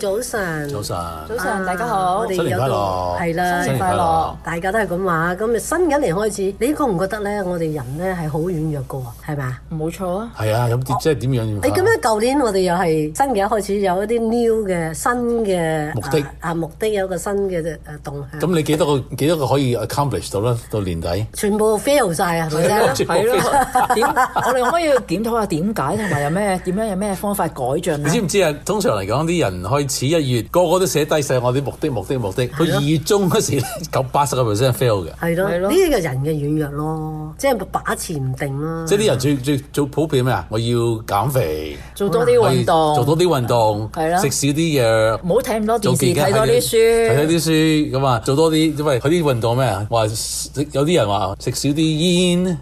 早晨，早晨，早晨，大家好，我哋新年快樂，係啦，新年快樂，大家都係咁話，咁啊新嘅一年開始，你覺唔覺得咧？我哋人咧係好軟弱個喎，係咪？冇錯啊，係啊，咁即係點樣？你咁樣舊年我哋又係新嘅一年開始，有一啲 new 嘅新嘅目的啊，目的有一個新嘅誒動向。咁你幾多個幾多個可以 accomplish 到咧？到年底全部 fail 曬啊！係咯，係咯，點我哋可唔可以檢討下點解同埋有咩點樣有咩方法改進啊？你知唔知啊？通常嚟講啲人。開始一月個個都寫低晒我啲目的目的目的，佢二月中嗰時九八十個 percent fail 嘅。係咯，呢個人嘅軟弱咯，即係把持唔定咯。即係啲人最最最普遍咩啊？我要減肥，做多啲運動，做多啲運動，係咯，食少啲嘢，唔好睇咁多電視，睇多啲書，睇多啲書咁啊，做多啲，因為佢啲運動咩啊？話有啲人話食少啲煙，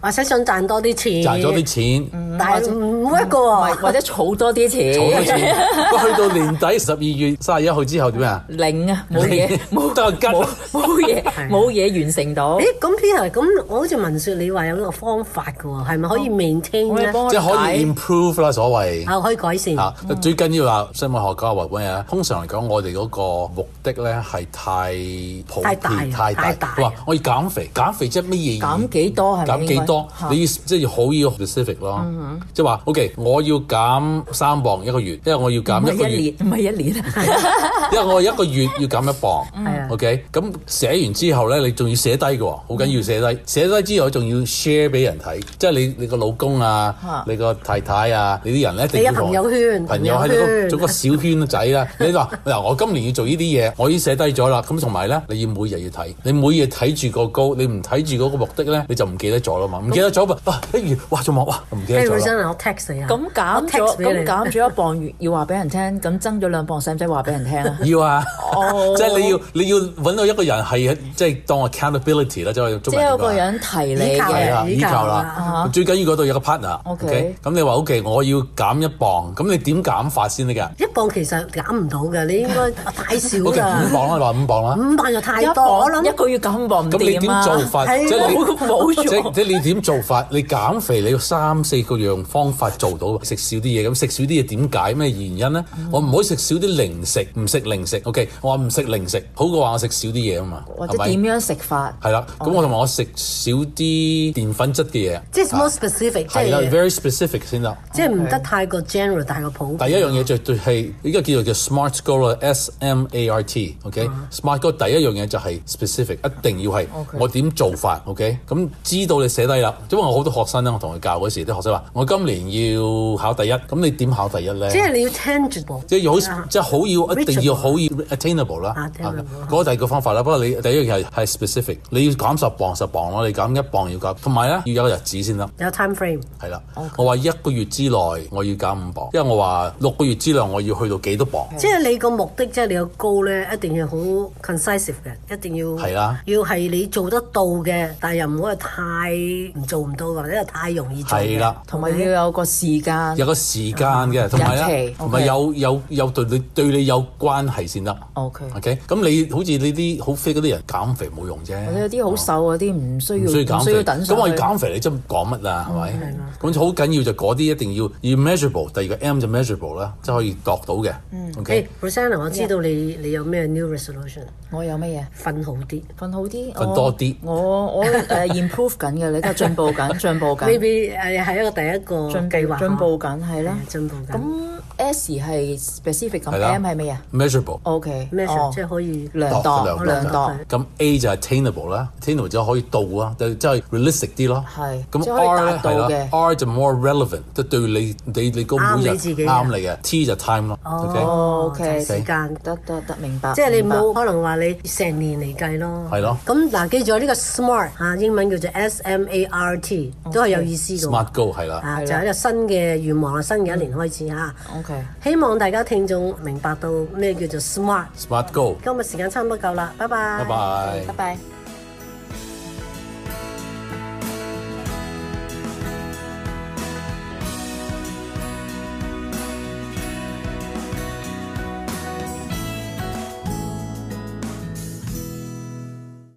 或者，uh-huh，想賺多啲錢，賺多啲錢。嗯但係冇一個或者儲多啲錢。儲多錢 去到年底十二月三十一號之後點啊？零啊，冇嘢，冇得冇嘢，冇嘢 完成到。咁 Peter 咁，我好似文說你話有個方法㗎喎，係、哦、咪可以 maintain 呢可以即係可以 improve 啦，所謂、哦。可以改善。嗯、最近要話最緊要話新聞學家話咩啊？通常嚟講，我哋嗰個目的咧係太普遍，太大。太大，太大。我要減肥，減肥即係咩嘢？減幾多係？減幾多？你要即係好要 specific 咯。嗯即係話，OK，我要減三磅一個月，因為我要減一個月唔係一年，唔係一年 因為我一個月要減一磅 ，OK。咁寫完之後咧，你仲要寫低嘅喎，好緊要寫低、嗯。寫低之後，仲要 share 俾人睇，即係你你個老公啊，啊你個太太啊，你啲人你一定要朋友圈，朋友喺度做個小圈仔啦。 你話嗱，我今年要做呢啲嘢，我已經寫低咗啦。咁同埋咧，你要每日要睇，你每日睇住個高，你唔睇住嗰個目的咧，你就唔記得咗啦嘛。唔記得咗咪哇，一月哇仲冇哇唔記得咗。咁減咗咁減咗一磅要， 磅要話話俾人聽；咁增咗兩磅，使唔使話俾人聽啊？要啊！ 即係你要 你要揾到一個人係即係當 accountability 啦，即係要即係有一個人提你係啊！依靠啦，最緊要嗰度有個 partner okay。OK，咁你話 OK，我要減一磅，咁你點減法先得㗎？一磅其實減唔到㗎，你應該 太少㗎。五磅啦、啊，你話五磅啦、啊。五磅就、啊、太多，我諗一個月減一磅點做法係冇即係你點做法？你減肥你要三四個月。 用方法做到食少啲嘢，咁食少啲嘢點解？咩原因咧？Mm -hmm. 我唔可以食少啲零食，唔食零食。O、okay? K，我話唔食零食，好過話我食少啲嘢啊嘛。或者點樣食法？係啦，咁、okay. 我同埋我食少啲澱粉質嘅嘢、okay. 啊。即係 more specific，即係 very specific 先啦、okay. 即係唔得太過 general，太過普遍、okay. 第一樣嘢絕對係依家叫做叫 smart goal 啦，S M A R T。O K，smart goal 第一樣嘢就係 specific，一定要係我點做法。O K，咁知道你寫低啦。因為我好多學生咧，我同佢教嗰時，啲學生話。我今年要考第一，咁你點考第一咧？即係你要 tangible，即係好即係好要、Richard、一定要好要 attainable 啦、啊。嗰個第二個方法啦。不過你第一個係係 specific，、啊、你要減十磅十磅我哋減一磅要減，同埋咧要有日子先得。有 time frame。係啦，我話一個月之內我要減五磅，因為我話六個月之內我要去到幾多磅。啊、即係你個目的，即、就、係、是、你個 goal 呢咧，一定要好 concise 嘅，一定要係啦，要係你做得到嘅，但又唔好係太唔做唔到，或者太容易就係啦。要有個時間，有個時間嘅，同埋同埋有呢、okay、有有，有，有對你對你有關係先得。O K，O K，咁你好似呢啲好肥嗰啲人減肥冇用啫、啊。有啲好瘦嗰啲唔需要，唔需要，唔需要等。咁我要減肥，你真講乜啊？係、嗯、咪？啦。咁好緊要就嗰啲一定要要 measurable，第二個 M 就 measurable 啦，即係可以度到嘅。O、okay? K，Rosanna，、嗯 hey, 我知道你、yeah. 你有咩 new resolution？我有乜嘢？瞓好啲，瞓好啲。瞓多啲。 我我誒、uh, improve 緊嘅，你而家進步緊，進步緊。呢邊係一個第一。一個進計劃，進步緊係啦，進步緊。S 係 specific，咁 M 係咩啊？Measurable。O.K. Measurable 即係可以量度，量度。咁 A 就係 attainable 啦，attainable 即係可以到啦，就即係 realistic 啲咯。係。咁 R 咧係咯，R 就 more relevant，即係對你你你個目標，啱你自己，啱你嘅。T 就 time 咯。哦。O.K. 時間，得得得明白。即係你冇可能話你成年嚟計咯。係咯。咁嗱，記住呢個 SMART 嚇，英文叫做 S.M.A.R.T. 都係有意思嘅。Smart goal 係啦。啊，就係一個新嘅願望啦，新嘅一年開始嚇。O.K. 希望大家聽眾明白到咩叫做 smart，smart smart go。今日時間差唔多夠啦，拜拜。拜拜。拜拜。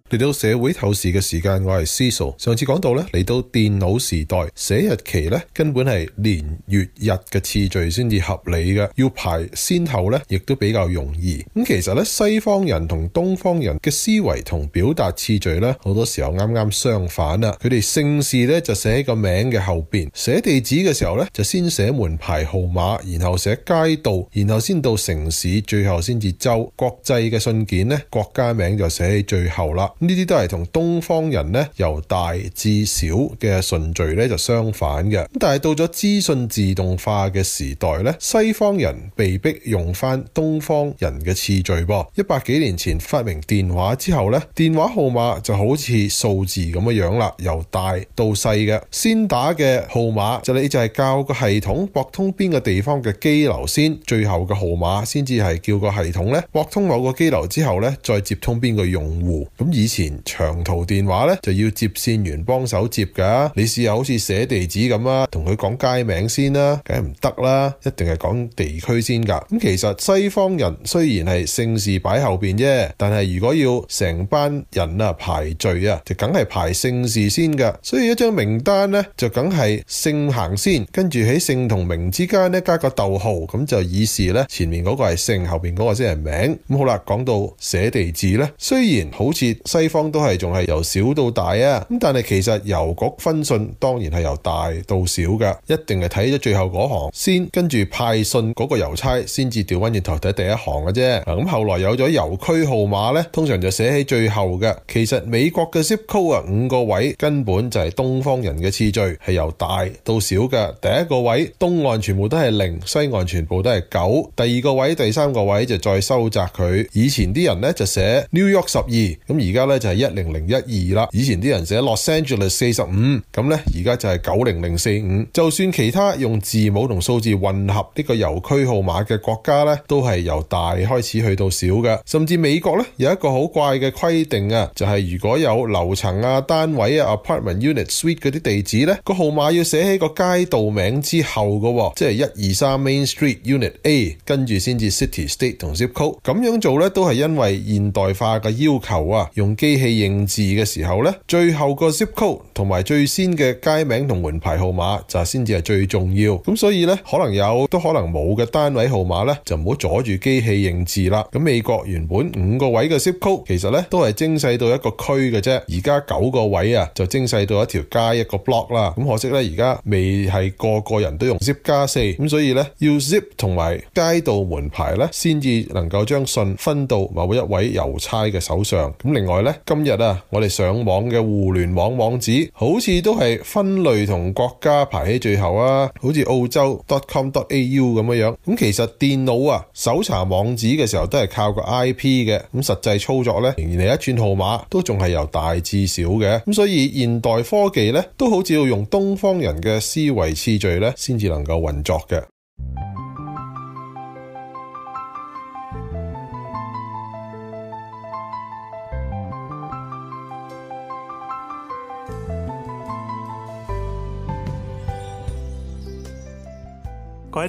嚟到社會透視嘅時間，我係思素。上次講到咧，嚟到電腦時代，寫日期咧根本係年月日嘅次序先至合理嘅，要排先後咧亦都比較容易。咁其實咧，西方人同東方人嘅思維同表達次序咧，好多時候啱啱相反啦。佢哋姓氏咧就寫喺個名嘅後邊，寫地址嘅時候咧就先寫門牌號碼，然後寫街道，然後先到城市，最後先至州。國際嘅信件咧，國家名就寫喺最後啦。呢啲都係同東方人咧由大至小嘅順序咧就相反嘅。咁但係到咗資訊自動化嘅時代咧，西方人被逼用翻東方人嘅次序噃。一百幾年前發明電話之後咧，電話號碼就好似數字咁樣樣啦，由大到細嘅。先打嘅號碼就係、你就係教個系統駁通邊個地方嘅機流先，最後嘅號碼先至係叫個系統咧駁通某個機流之後咧再接通邊個用戶。咁而以前長途電話咧就要接線員幫手接噶、啊，你試下好似寫地址咁啦，同佢講街名先啦，啊，梗係唔得啦，一定係講地區先噶。咁、嗯、其實西方人雖然係姓氏擺後邊啫，但係如果要成班人啊排序啊，就梗係排姓氏先噶。所以一張名單咧就梗係姓行先，跟住喺姓同名之間咧加個逗號，咁、嗯、就以示咧前面嗰個係姓，後邊嗰個先係名。咁、嗯、好啦，講到寫地址咧，雖然好似～西方都係仲係由小到大啊，咁但係其實郵局分信當然係由大到小噶，一定係睇咗最後嗰行先，跟住派信嗰個郵差先至調翻轉頭睇第一行嘅啫。咁、嗯、後來有咗郵區號碼呢，通常就寫喺最後嘅。其實美國嘅 ZIP Code 五個位根本就係東方人嘅次序，係由大到小嘅。第一個位東岸全部都係零，西岸全部都係九。第二個位、第三個位就再收窄佢。以前啲人呢，就寫 New York 十二、嗯，咁而家。咧就係一零零一二啦，以前啲人寫 Los Angeles 四十五，咁咧而家就係九零零四五。就算其他用字母同數字混合呢個郵區號碼嘅國家咧，都係由大開始去到小嘅。甚至美國咧有一個好怪嘅規定啊，就係如果有樓層啊、單位啊、apartment unit suite 嗰啲地址咧，個號碼要寫喺個街道名之後噶，即係一二三 Main Street Unit A，跟住先至 City State 同 Zip Code。咁樣做咧都係因為現代化嘅要求啊，用。機器認字嘅時候呢，最後個 zip code 同埋最先嘅街名同門牌號碼就先至係最重要。咁所以呢，可能有都可能冇嘅單位號碼呢，就唔好阻住機器認字啦。咁美國原本五個位嘅 zip code 其實呢，都係精細到一個區嘅啫，而家九個位啊就精細到一條街一個 block 啦。咁可惜呢，而家未係個個人都用 zip 加四，咁所以呢，要 zip 同埋街道門牌呢，先至能夠將信分到某一位郵差嘅手上。咁另外今日啊，我哋上網嘅互聯網網址好似都係分類同國家排喺最後啊，好似澳洲 .com.au 咁樣。咁其實電腦啊，搜查網址嘅時候都係靠個 IP 嘅。咁實際操作呢，仍然係一串號碼都仲係由大至小嘅。咁所以現代科技呢，都好似要用東方人嘅思維次序呢，先至能夠運作嘅。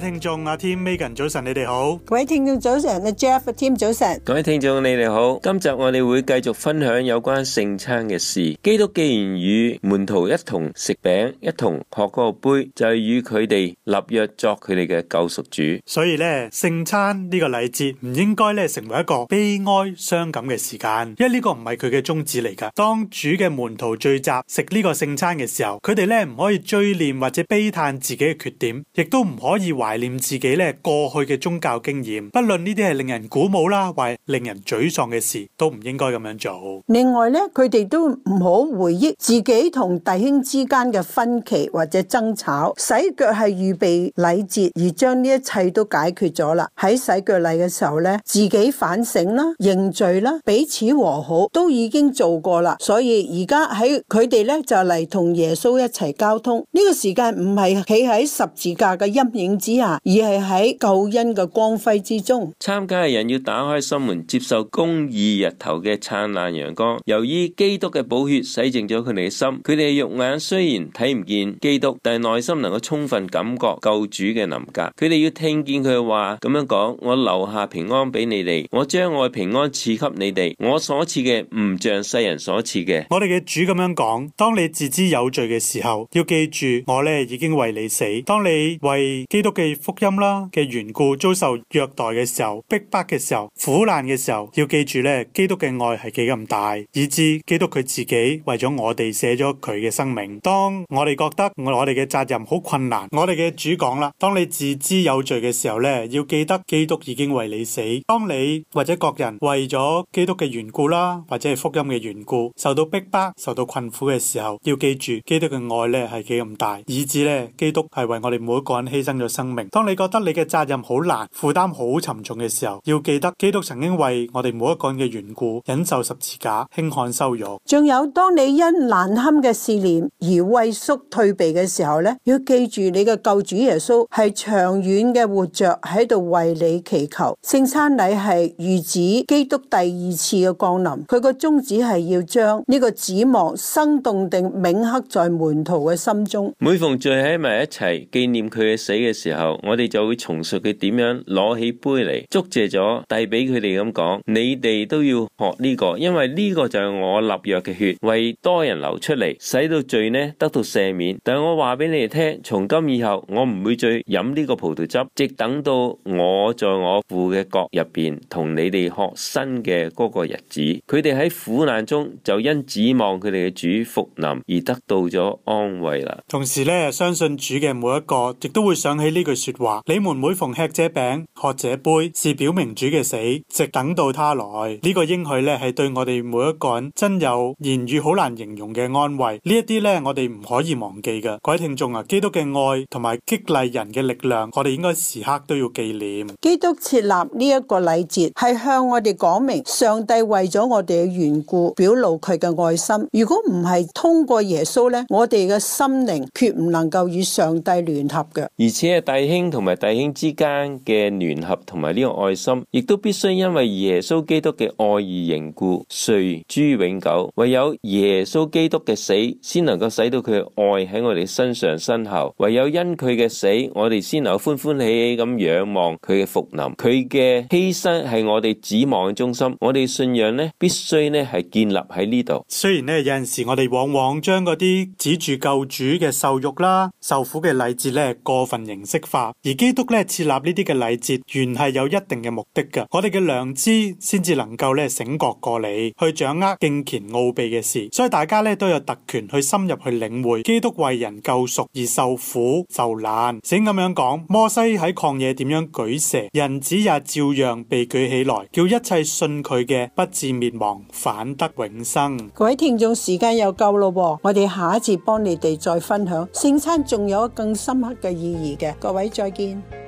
聽眾阿 Tim、Megan 早晨，你哋好。各位聽眾早晨，阿 Jeff、阿 Tim 早晨。各位聽眾你哋好。今集我哋會繼續分享有關聖餐嘅事。基督既然與門徒一同食餅，一同喝嗰個杯，就係與佢哋立約作佢哋嘅救贖主。所以咧，聖餐呢個禮節唔應該咧成為一個悲哀傷感嘅時間，因為呢個唔係佢嘅宗旨嚟噶。當主嘅門徒聚集食呢個聖餐嘅時候，佢哋咧唔可以追念或者悲嘆自己嘅缺點，亦都唔可以話。懷念自己咧過去嘅宗教經驗，不論呢啲係令人鼓舞啦，或係令人沮喪嘅事，都唔應該咁樣做。另外咧，佢哋都唔好回憶自己同弟兄之間嘅分歧或者爭吵。洗腳係預備禮節，而將呢一切都解決咗啦。喺洗腳禮嘅時候咧，自己反省啦、認罪啦、彼此和好都已經做過啦。所以而家喺佢哋咧就嚟同耶穌一齊交通。呢個時間唔係企喺十字架嘅陰影，而係喺救恩嘅光輝之中，參加嘅人要打開心門，接受公義日頭嘅燦爛陽光。由於基督嘅寶血洗淨咗佢哋嘅心，佢哋嘅肉眼雖然睇唔見基督，但係內心能夠充分感覺救主嘅臨格。佢哋要聽見佢嘅話咁樣講：我留下平安俾你哋，我將愛平安賜給你哋，我所賜嘅唔像世人所賜嘅。我哋嘅主咁樣講：當你自知有罪嘅時候，要記住我呢已經為你死。當你為基督。嘅福音啦嘅緣故遭受虐待嘅時候，逼迫嘅時候，苦難嘅時候，要記住咧基督嘅愛係幾咁大，以至基督佢自己為咗我哋寫咗佢嘅生命。當我哋覺得我我哋嘅責任好困難，我哋嘅主講啦，當你自知有罪嘅時候咧，要記得基督已經為你死。當你或者各人為咗基督嘅緣故啦，或者係福音嘅緣故受到逼迫、受到困苦嘅時候，要記住基督嘅愛咧係幾咁大，以至咧基督係為我哋每一個人犧牲咗生。當你覺得你嘅責任好難，負擔好沉重嘅時候，要記得基督曾經為我哋每一個人嘅緣故，忍受十字架，輕看羞辱。仲有當你因難堪嘅試煉而畏縮退避嘅時候咧，要記住你嘅救主耶穌係長遠嘅活着喺度為你祈求。聖餐禮係預指基督第二次嘅降臨，佢個宗旨係要將呢個指望生動地銘刻在門徒嘅心中。每逢聚喺埋一齊紀念佢嘅死嘅時候，我哋就會重述佢點樣攞起杯嚟，祝謝咗遞俾佢哋咁講，你哋都要學呢個，因為呢個就係我立約嘅血，為多人流出嚟，使到罪呢得到赦免。但係我話俾你哋聽，從今以後我唔會再飲呢個葡萄汁，直等到我在我父嘅國入邊同你哋學新嘅嗰個日子，佢哋喺苦難中就因指望佢哋嘅主復臨而得到咗安慰啦。同時呢，相信主嘅每一個，亦都會想起呢、這個句說話，你們每逢吃這餅、喝這杯，是表明主嘅死，直等到他來。呢個應許咧，係對我哋每一個人真有言語好難形容嘅安慰。呢一啲咧，我哋唔可以忘記嘅。各位聽眾啊，基督嘅愛同埋激勵人嘅力量，我哋應該時刻都要紀念。基督設立呢一個禮節，係向我哋講明上帝為咗我哋嘅緣故，表露佢嘅愛心。如果唔係通過耶穌咧，我哋嘅心靈決唔能夠與上帝聯合嘅。而且第。弟兄同埋弟兄之間嘅聯合，同埋呢個愛心，亦都必須因為耶穌基督嘅愛而凝固，垂諸永久。唯有耶穌基督嘅死，先能夠使到佢嘅愛喺我哋身上深厚。唯有因佢嘅死，我哋先能夠歡歡喜喜咁仰望佢嘅復臨。佢嘅犧牲係我哋指望嘅中心。我哋信仰咧，必須咧係建立喺呢度。雖然咧有陣時我哋往往將嗰啲指住救主嘅受辱啦，受苦嘅禮節咧，過份形式。而基督咧設立呢啲嘅禮節，原係有一定嘅目的嘅。我哋嘅良知先至能夠咧醒覺過嚟，去掌握敬虔奧秘嘅事。所以大家咧都有特權去深入去領會基督為人救贖而受苦受難。請咁樣講，摩西喺曠野點樣舉蛇，人子也照樣被舉起來，叫一切信佢嘅不至滅亡，反得永生。各位聽眾，時間又夠咯，我哋下一次幫你哋再分享聖餐，仲有更深刻嘅意義嘅，各位。拜拜再見。